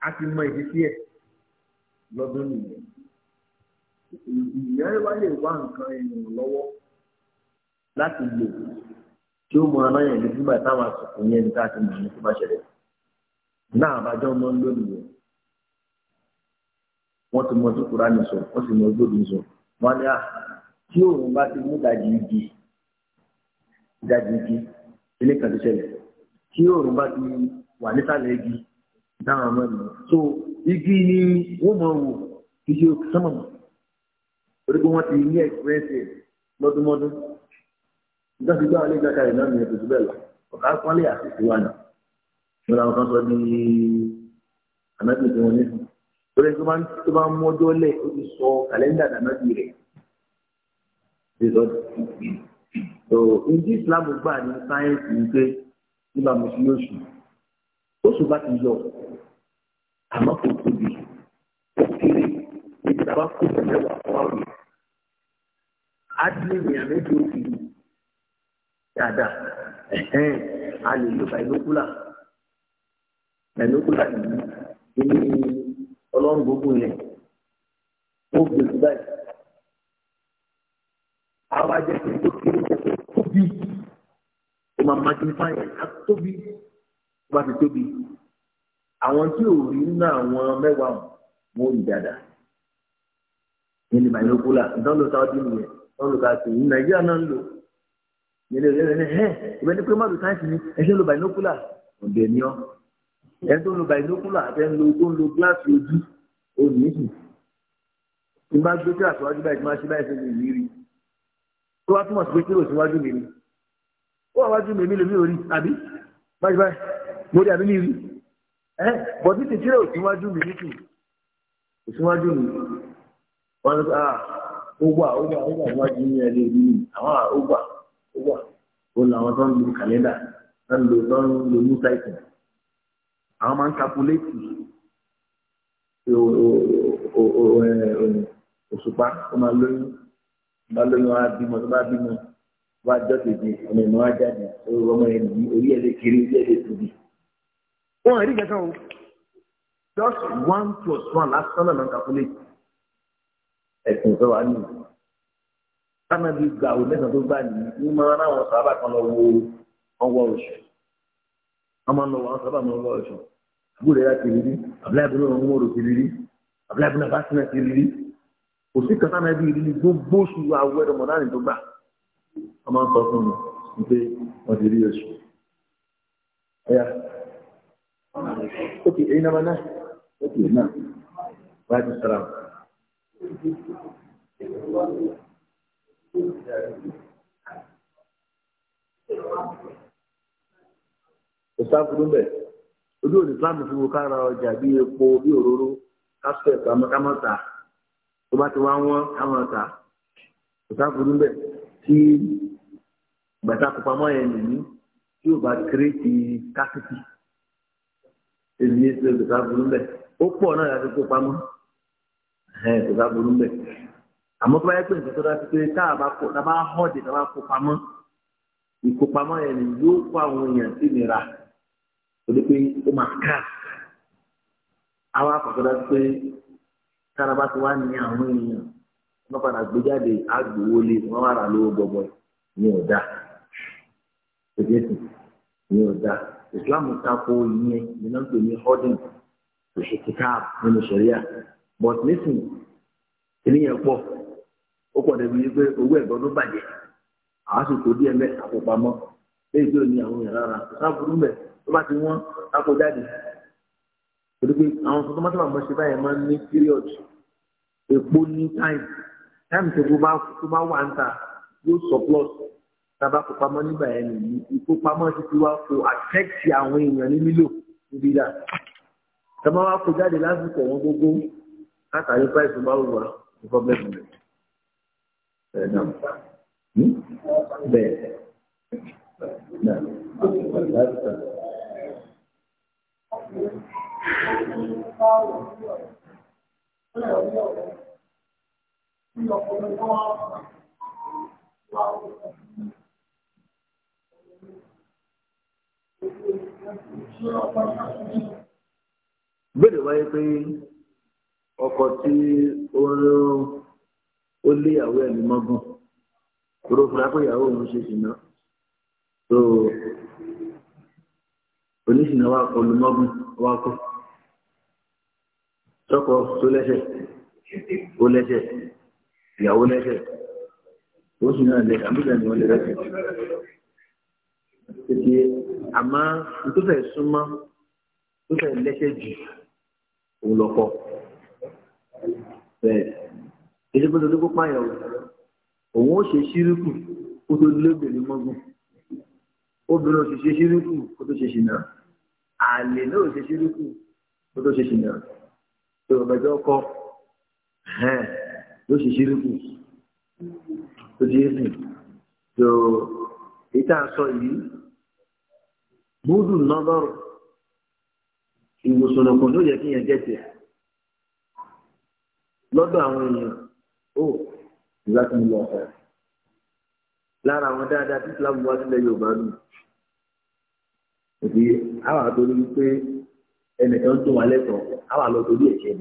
a ti mọ ìdísí ẹ lọ́dún nìyẹn ìyẹn wá lè wá nǹkan èèyàn lati láti lò tí ó mọ aláyẹ̀ ní nígbà táwọn àsìkò yẹn ní káàkiri mọ̀ tó bá ṣẹlẹ̀ náà àbájọ ọmọ ń lò nìyẹn wọ́n ti mọ tó kura ní sọ sì mọ gbòdì sọ à tí òun bá ti mú ìdajì igi ìdajì igi ilé kan ti tí òun bá ti wà dáhùn ọmọ ẹ̀mọ́ so igi ni wọ́n máa wò kí ṣe òkú sọ́mọ̀ mọ́ torí pé wọ́n ti ní ẹ̀kúrẹ́sì lọ́dúnmọ́dún nígbà tí gbáwọlé gbàgbà rẹ̀ náà ní ẹ̀kú bẹ́ẹ̀ lọ ọ̀ká pọ́nlé àṣìṣe wà náà mo làwọn kan sọ ní ànábì tí wọ́n ní fún torí tó bá ń tó bá ń mọ́jọ́ lẹ̀ ó ti sọ kàlẹ́ndà ànábì rẹ̀ so ìdí Islam gbà ní sáyẹ́ǹsì wípé nígbà mo ṣe yóò sùn oṣù bá ti yọ àmọ́ kò tóbi kò kéré níbi tá a bá kó pẹ̀lú ẹwà fún àwọn yẹn. á dín ènìyàn méjì ó fi dáadáa ẹ̀hẹ́n a lè lo bàìlókùlà bàìlókùlà yìí inú ọlọ́run gbogbo yẹn ó gbèsè e báyìí. àwa jẹ́ pé tó kéré kókó tóbi ó máa máa kí n tóbi ó bá ti tóbi àwọn tí ò rí nínú àwọn mẹ́wàá wọn ò rí dáadáa nílé mayokola ìdánlò sáwọ́dì nìyẹn ìdánlò káàkiri ní nàìjíríà náà ń lò nílé ìrẹ́lẹ̀ ní ẹ̀ ìbẹ́ ní pé má lo sáyẹ́ǹsì ni ẹ̀ṣẹ́ lo binocular ọ̀dẹ̀ ni ọ́ ẹni tó ń lo binocular àti ẹni tó ń lo gíláàsì ojú òní ìsìn tí n bá gbé kí àtúwájú báyìí tí máa ṣe báyìí ṣe lè rí tó wá túmọ̀ sí pé kí ló síwájú mi ni ó wà wájú mi mi lè mí ò rí àbí báyìí báyìí mo rí àbí mi rí ẹ́ bọ̀ títí tí ò síwájú mi nítì ò mi wọ́n ní ah ó wà ó wà ó wà níwájú ní ẹni ìlú mi àwọn ah, ó wà ó wà ó tó ń lo kàlẹ́ndà tó ń lo tó ń lo new cycle àwọn máa ń kakuléètì eh, òṣùpá ó máa lóyún bá lóyún á bímọ tó bá bímọ wá jọ́ tètè ọmọ ìmọ̀ á jáde ọmọ ẹ̀ orí ẹ̀ lè kiri orí ẹ̀ lè tóbi wọn àrí kankan o just one plus one lásán náà calculate ẹ̀sìn tó wà nìyí kánàbí gbà wò lẹ́sàn tó gbà nìyí ní máa ń àwọn sábà kan lọ wo ọwọ́ oṣù wọ́n máa ń lọ wọ àwọn sábà máa ń wọ oṣù àbúrò rẹ̀ láti rírí àbúrò àbúrò náà wọ́n rò ti rírí àbúrò àbúrò náà bá ti náà ti rírí kò sí kan kánàbí rírí gbogbo oṣù àwọ̀ ẹ̀rọ mọ̀dánì tó gbà wọ́n máa ń sọ fún mi pé wọ́n ti rí oṣù. اوكي اينما نحن اوكي نعم وعليكم السلام ìsáfúrú bẹ ojú òní islámù fún wọn kára ọjà bíi epo bíi òróró kásítẹ̀tì amákámọ́ta tó bá ti wá wọ́n kámọ́ta ìsáfúrú bẹ tí gbàtà kópamọ́ yẹn nìyí tí ò bá kéré ti kásítì. èmi ṣe kò sá burú bẹ́ẹ̀ ó pọ̀ náà láti kó pamọ́ kò sá burú bẹ́ẹ̀ àmọ́ tó bá yẹ pé nǹkan tó dájú pé tá a bá kó tá a bá họ́ọ̀dì tá a bá kó pamọ́ ìkópamọ́ yẹn ni yóò kó àwọn èèyàn sí ìnira torí pé ó máa ká àwọn akọ̀tọ̀ dájú pé tára bá ti wá ní àwọn èèyàn wọ́n padà gbé jáde àgbòwò lé wọ́n wá rà lówó gbọ̀gbọ̀ ìyẹn ò dáa ìyẹn ò dáa islam tako ìyẹn nínú pè ní ọdún kò kitab kíkáp nínú sẹríà but nísìn eléyẹn pọ̀ ó pọ̀ débi wípé owó ẹ̀gbọ́n ló bàjẹ́ àásìkò díẹ̀ mẹ àkópamọ́ léyìí tó ní àwọn yàrá rà sábúrú mẹ tó bá ti wọn kápò jáde torí pé àwọn tó máa tó máa ṣe báyẹn máa ń ní period epo ni time time tó bá wà ń ta yóò surplus tábà kó pamọ́ nígbà yẹn nìyí ìkópamọ́ ti ti wá kó àtẹ́kì àwọn èèyàn ní lílò níbi dà tábà wá kó jáde lásìkò wọn gbogbo látàrí price bá wù wá ní problem rẹ ẹ nà hmm? bẹ́ẹ̀ nà láti Thank you. Béèrè wáyé pé ọkọ tí ó lé ìyàwó ẹ̀ ní mọ́gùn, oró fúra pé ìyàwó òun ṣe ṣìnà. So, oníṣìnà wa kọ lu mọ́gùn wa kọ. Sọ́kọ tó lẹ́sẹ̀, ó lẹ́sẹ̀, ìyàwó lẹ́sẹ̀, ó sì náà lẹ́sẹ̀, àbújá ni wọ́n lẹ́sẹ̀ tètè àmọ́ nítòsẹ̀ súnmọ́ nítòsẹ̀ lẹ́sẹ̀ jù òun lọ́kọ́ bẹ́ẹ̀ èdè gbọ́dọ̀ tó kópa yẹn o òun ó ṣe ṣíríkù kó tó lébèrè mọ́gùn obìnrin ò sì ṣe ṣíríkù kó tó ṣe ṣìnà àlè náà ò ṣe ṣíríkù kó tó ṣe ṣìnà ìrọ̀bẹ̀jọ́ kọ́ ló ṣe ṣíríkù tó ṣe é sìn tó o tá a sọ yìí. bọdụ nọ́dọ̀rù ìwòsàn ọ̀kan ló yẹ kí yẹn jẹ́tì lọ́dọ̀ àwọn èèyàn ó ìgbà lára àwọn dáadáa tí islam wá yorùbá nù òbí àwọn àtòrí wípé tó wà lẹ́tọ̀ọ́ àwọn àlọ́ torí ẹ̀ṣẹ̀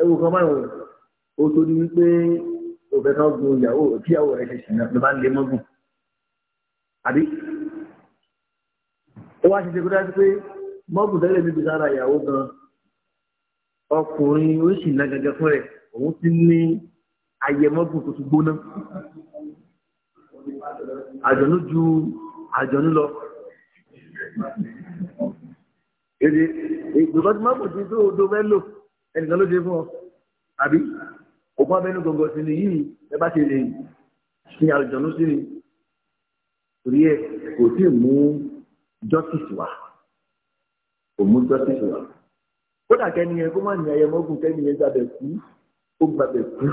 ẹwù kan báyìí o tó di wípé òfẹ́ kan gun ìyàwó tí ìyàwó rẹ̀ ṣe ṣìnà ló bá ń lé mọ́gùn àbí ó wá ṣe ṣe kó dájú pé mọ́gùn tẹ́lẹ̀ níbi sára ìyàwó gan ọkùnrin oríṣìíná gangan fún rẹ̀ òun ti ní ayẹmọ́gùn tó ti gbóná àjọ̀nú ju àjọ̀nú lọ èdè ìgbìmọ̀ tí mọ́gùn ti tó odò mẹ́lò ẹnìkan ló ṣe fún ọ àbí òkú abẹ́nú gbọ̀ngàn sí ni yìí ẹ bá ṣe lè ṣe àlùjọ̀nú sí ni torí ẹ kò tí ì mú justice wá kò mú justice wá kódà kẹ́ni yẹn kó má ní ayẹmọ́gùn kẹ́ni yẹn gbàbẹ̀ kú ó gbàbẹ̀ kú.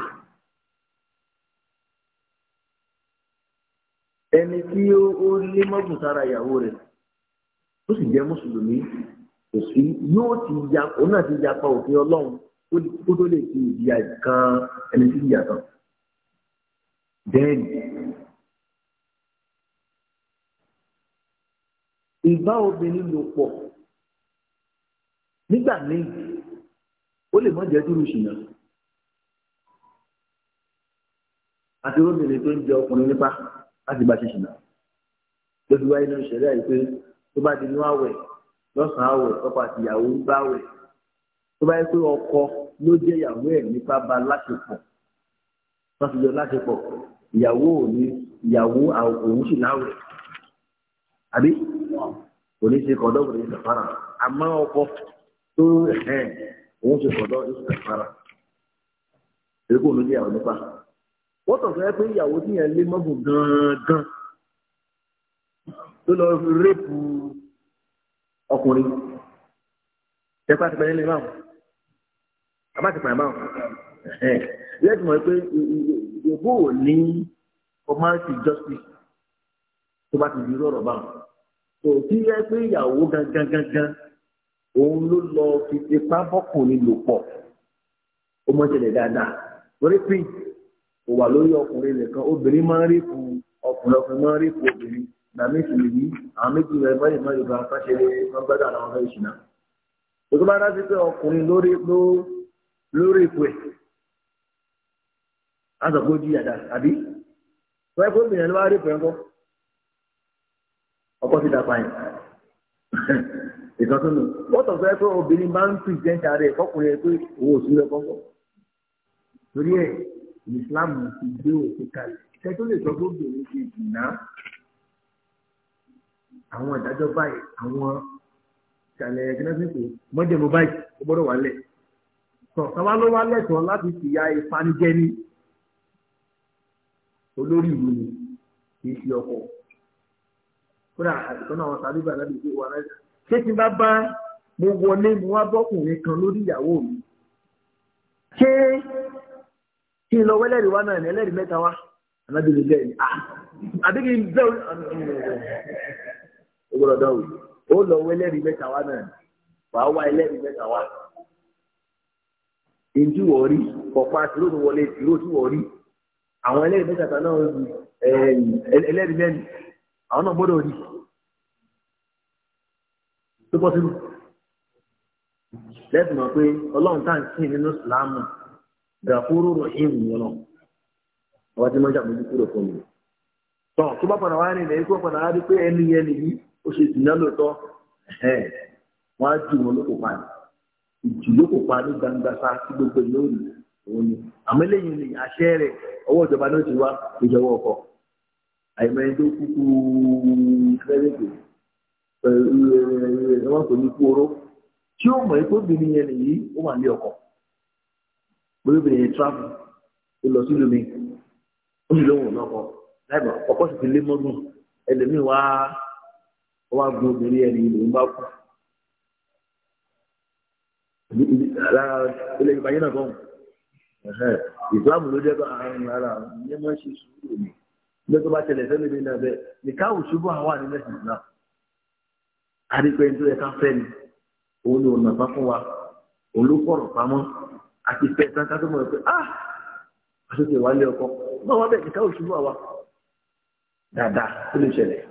ẹni tí ó lé mọ́gùn sára ìyàwó rẹ̀ ó sì jẹ́ mùsùlùmí kò sí yóò ti ya òun náà ti yapa òfin ọlọ́run kó tó lè fi ìjìyà kan ẹni tí ìyà tán. bẹ́ẹ̀ni ìbá obìnrin lò pọ̀ nígbà míì ó lè mọ̀ jẹ́ dúró ṣìnà àti obìnrin tó ń jẹ ọkùnrin nípa láti bá ṣe ṣìnà lójú wáyé nínú ìṣẹ̀lẹ̀ àìpé tó bá di inú àwẹ̀ lọ́sàn-án àwẹ̀ ọkọ àti ìyàwó ń bá wẹ̀ tó bá yẹ pé ọkọ ló jẹ́ ìyàwó ẹ̀ nípa bá láṣepọ̀ wọ́n ti jọ láṣepọ̀ ìyàwó òní ìyàwó òun sì láwẹ̀ àbí òní ṣe kọ̀dọ̀ òní ìṣàfàrà àmọ́ ọkọ tó ẹ̀hẹ́n òun ṣe kọ̀dọ̀ ìṣàfàrà èyí kò ní jẹ́ ìyàwó nípa wọ́n tọ̀ fẹ́ pé ìyàwó tí yẹn lé mọ́bù gan-an tó lọ rẹ́pù ọkùnrin tẹpá ti pẹ̀lẹ́ lè máa àbá ti pẹ̀lẹ́ máa yẹ ti mọ̀ pé ìbò ní formality justice tó bá ti di irú ọ̀rọ̀ báwọn kò sí yẹ pé ìyàwó gangan gangan òun ló lọ fi ipá bọ́kùnrin lò pọ̀ ó mọ̀ ṣẹlẹ̀ dáadáa torí pé kò wà lórí ọkùnrin nìkan obìnrin máa ń rí kù ọkùnrin ọkùnrin máa ń rí kù obìnrin. na ìsìlèyí àwọn méjì rẹ̀ mọ́ ìmọ̀ yorùbá fáṣẹ wọn gbọ́dọ̀ àwọn ọmọ ìṣìnà tó bá rántí pé ọkùnrin lórí ló lórí ipò ẹ̀ á sọ pé àbí wọ́n ẹ̀kọ́ obìnrin ló wá rí pẹ̀lú ọkọ̀ sí dàpá yẹn ìtọ́sùn nù fẹ́ pé obìnrin bá ń fi jẹ́ǹtì ààrẹ ìfọkùnrin pé owó òsì rẹ̀ kọ́kọ́ torí ẹ̀ ti gbé àwọn ìdájọ́ báyìí àwọn ìṣàlẹ̀ ẹ̀gbẹ́nẹ́sìnkò mọ́jẹ̀mú báyìí ó gbọ́dọ̀ wà lẹ̀ tọ̀ sábà ló wá lẹ́tọ̀ọ́ láti fìyà ìfanijẹ́ ní olórí ìlú ni kì í ṣe ọkọ̀ kódà àtìkọ́ náà wọn sáré bá lábẹ́ ìgbé wa náà ṣé tí bá bá mo wọlé mo wá bọ́kùnrin kan lórí ìyàwó mi ṣé kí n lọ wẹ́lẹ́rìí wá náà ní ẹlẹ́rìí mẹ́ta wá anábìlẹ̀ ó gbọ́dọ̀ dánwò ó lọ wọ ẹlẹ́rìí mẹ́ta wá náà wàá wá ẹlẹ́rìí mẹ́ta wá. ìjú wọ̀ rí ọ̀pá tìró tó wọlé tìró tó wọ̀ rí àwọn ẹlẹ́rìí mẹ́ta kan náà ẹlẹ́rìí mẹ́rin àwọn náà gbọ́dọ̀ rí tó bọ́ sínú. lẹ́sìn mọ̀ pé ọlọ́run tá à ń sìn nínú ìsìlámù gàfúrú rò ìhìn wọn náà wọ́n ti máa ń fún mi. tọ́ tó bá padà ó ṣe ìdìnnà lóòótọ́ wọ́n á jù wọn lóko pa ìjù lóko pa ní gbangba sa tí gbogbo lórí òun ni àmọ́ eléyìí ni àṣẹ rẹ̀ ọwọ́ ìjọba náà ti wá ìjọba ọkọ̀ àìmọye tó kúkú kò ní kú oró tí ó mọ̀ obìnrin yẹn nìyí ó wà ní ọkọ̀ olóbìnrin yẹn ó lọ sí ó wá gun obìnrin ẹni ìlú bá kú lára ilé ìgbà yín náà kọ́ ìsìlámù ló jẹ́ àrùn ara ní máa ń ṣe sùúrù mi ilé tó bá tẹ̀lé fẹ́ lóde náà bẹ́ẹ̀ nìkáwù ṣubú àwa ní mẹ́sìn náà àdìpẹ́ tó yẹ ká fẹ́ ni òun ni òun nàfà fún wa òun ló pọ̀rọ̀ pamọ́ àti fẹ́ tán ká tó mọ̀ pé ah àtúntò ìwálé ọkọ náà wọ́n bẹ̀ nìkáwù ṣubú àwa dáadáa tó lè ṣẹlẹ̀.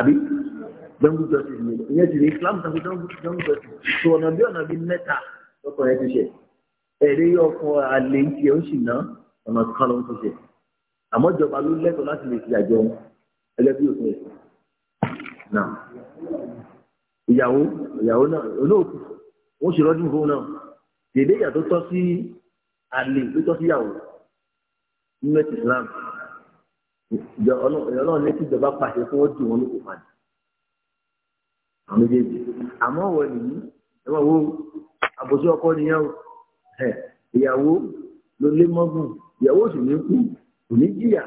àbí dánwó justice ni ìyẹn ti ní islam tàbí dánwó justice tó ọ̀nà bí ọ̀nà bíi mẹ́ta lọ́kùnrin ti ṣe ẹ̀rí ọkọ̀ àlè ń tiẹ̀ ń sì ná ọ̀nà kan ló ń ti ṣe àmọ́ ìjọba ló lẹ́tọ̀ọ́ láti lè fi àjọ wọn ẹgbẹ́ bí òfin ẹ̀sìn náà ìyàwó ìyàwó náà olóòtú wọn sì rọ́dún fún un náà dèdè ìyà tó tọ́ sí àlè tó tọ́ sí ìyàwó nínú ẹ̀sìn islam ọlọ́run ní kíjọba pàṣẹ fún ó dì wọn ní kò padà àwọn méjèèjì àmọ́ ọ̀wọ́ nìyí ẹ máa wo àbòsí ọkọ nìyẹn o ìyàwó ló lé mọ́gùn ìyàwó sì ní kú kò ní jìyà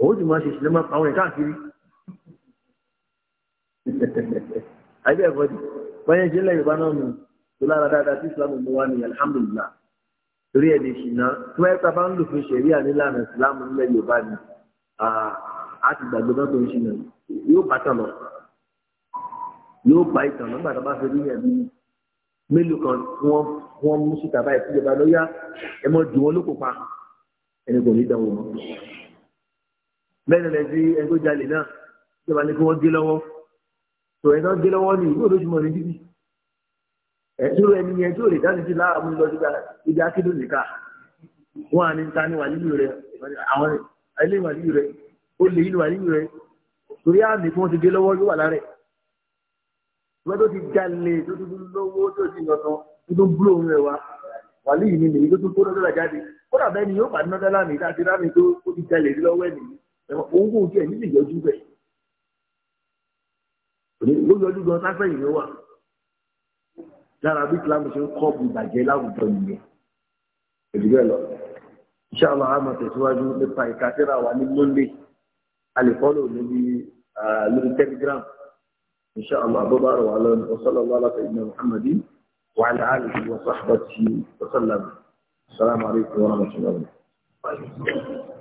òun sì máa ṣe ìṣẹ̀lẹ̀ máa pa àwọn ẹ̀ káàkiri àbí ẹ̀kọ́ di báyẹn ṣe lẹ́yìn bá náà nù tó lára dáadáa tí Islam mú wa ní alhamdulillah torí ẹ̀ lè ṣìnà tí wọ́n ẹ̀ bá ń lò fún ṣẹ̀ríà nílànà a ti gbàgbé bá tó ń ṣìnà yóò bá tàn lọ yóò bá ìtàn nígbà tó bá fi rí ẹbí mélòó kan wọn wọn mú síta báyìí fún ìjọba lọ́yà ẹ mọ jù wọn lóko pa ẹni kò ní dánwò mọ́ bẹ́ẹ̀ ni lẹ́sí ẹni tó jalè náà ìjọba ní kí wọ́n gé lọ́wọ́ tò ẹni tó gé lọ́wọ́ ni yóò lóṣù mọ́ ní bíbí ẹ̀dúró ẹni yẹn tó lè dáni sí láàmú lọ síbi akíndùn nìka wọn à ní ta ni wà nínú rẹ àwọn ẹlẹ́yìn wà níyì rẹ̀ ó lè yín wà níyì rẹ̀ torí àmì tí wọ́n ti gé lọ́wọ́ yóò wà lára ẹ̀ wọ́n tó ti jalè tó ti lówó tó ti yọ̀tàn tó tó búrò ń rẹ̀ wá wà níyì ni nìyí tó tún kó lọ́dọ̀ jáde kódà bẹ́ẹ̀ ni yóò bá nọ́dọ̀ láàmì láti rámì tó ó ti jalè rí lọ́wọ́ ẹ̀ nìyí òun kò tiẹ̀ nílì yọjú bẹ̀ inshallah a máa tẹ̀síwájú nípa ìkàtẹ́rà wa ní monday a lè fọ́lọ̀ níbi lórí telegram inshallah bó bá rọ̀ wá lọ́nà wasallallahu ala sayyidina muhammadin wa ala alihi wa sahbihi wa sallam assalamu alaikum wa wa